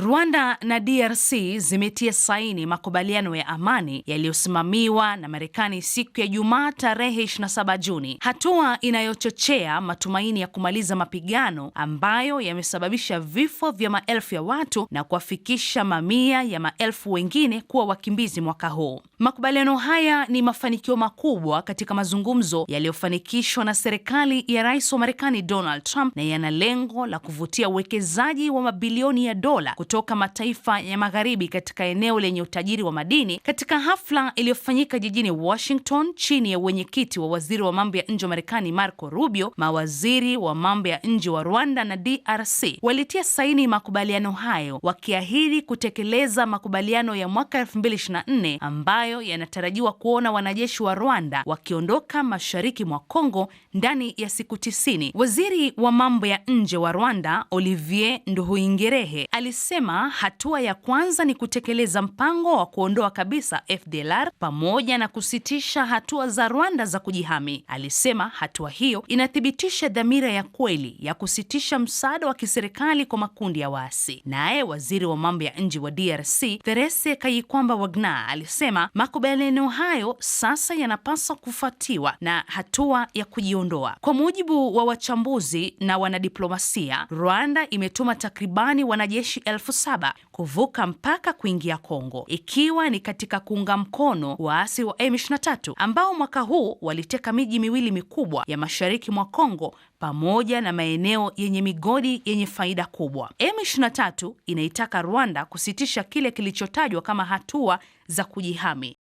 Rwanda na DRC zimetia saini makubaliano ya amani yaliyosimamiwa na Marekani siku ya Jumaa tarehe 27 Juni, hatua inayochochea matumaini ya kumaliza mapigano ambayo yamesababisha vifo vya maelfu ya watu na kuwafikisha mamia ya maelfu wengine kuwa wakimbizi mwaka huu. Makubaliano haya ni mafanikio makubwa katika mazungumzo yaliyofanikishwa na serikali ya Rais wa Marekani Donald Trump na yana lengo la kuvutia uwekezaji wa mabilioni ya dola kutoka mataifa ya magharibi katika eneo lenye utajiri wa madini katika hafla iliyofanyika jijini Washington chini ya uwenyekiti wa waziri wa mambo ya nje wa Marekani Marco Rubio, mawaziri wa mambo ya nje wa Rwanda na DRC walitia saini makubaliano hayo wakiahidi kutekeleza makubaliano ya mwaka 2024 ambayo yanatarajiwa kuona wanajeshi wa Rwanda wakiondoka mashariki mwa Kongo ndani ya siku tisini. Waziri wa mambo ya nje wa Rwanda Olivier nduhuingerehe alisema amesema hatua ya kwanza ni kutekeleza mpango wa kuondoa kabisa FDLR pamoja na kusitisha hatua za Rwanda za kujihami. Alisema hatua hiyo inathibitisha dhamira ya kweli ya kusitisha msaada wa kiserikali kwa makundi ya waasi. Naye waziri wa mambo ya nje wa DRC Therese Kayikwamba Wagner alisema makubaliano hayo sasa yanapaswa kufuatiwa na hatua ya kujiondoa. Kwa mujibu wa wachambuzi na wanadiplomasia, Rwanda imetuma takribani wanajeshi elfu elfu saba kuvuka mpaka kuingia Kongo, ikiwa ni katika kuunga mkono waasi wa M23 ambao mwaka huu waliteka miji miwili mikubwa ya mashariki mwa Kongo pamoja na maeneo yenye migodi yenye faida kubwa. M23 inaitaka Rwanda kusitisha kile kilichotajwa kama hatua za kujihami.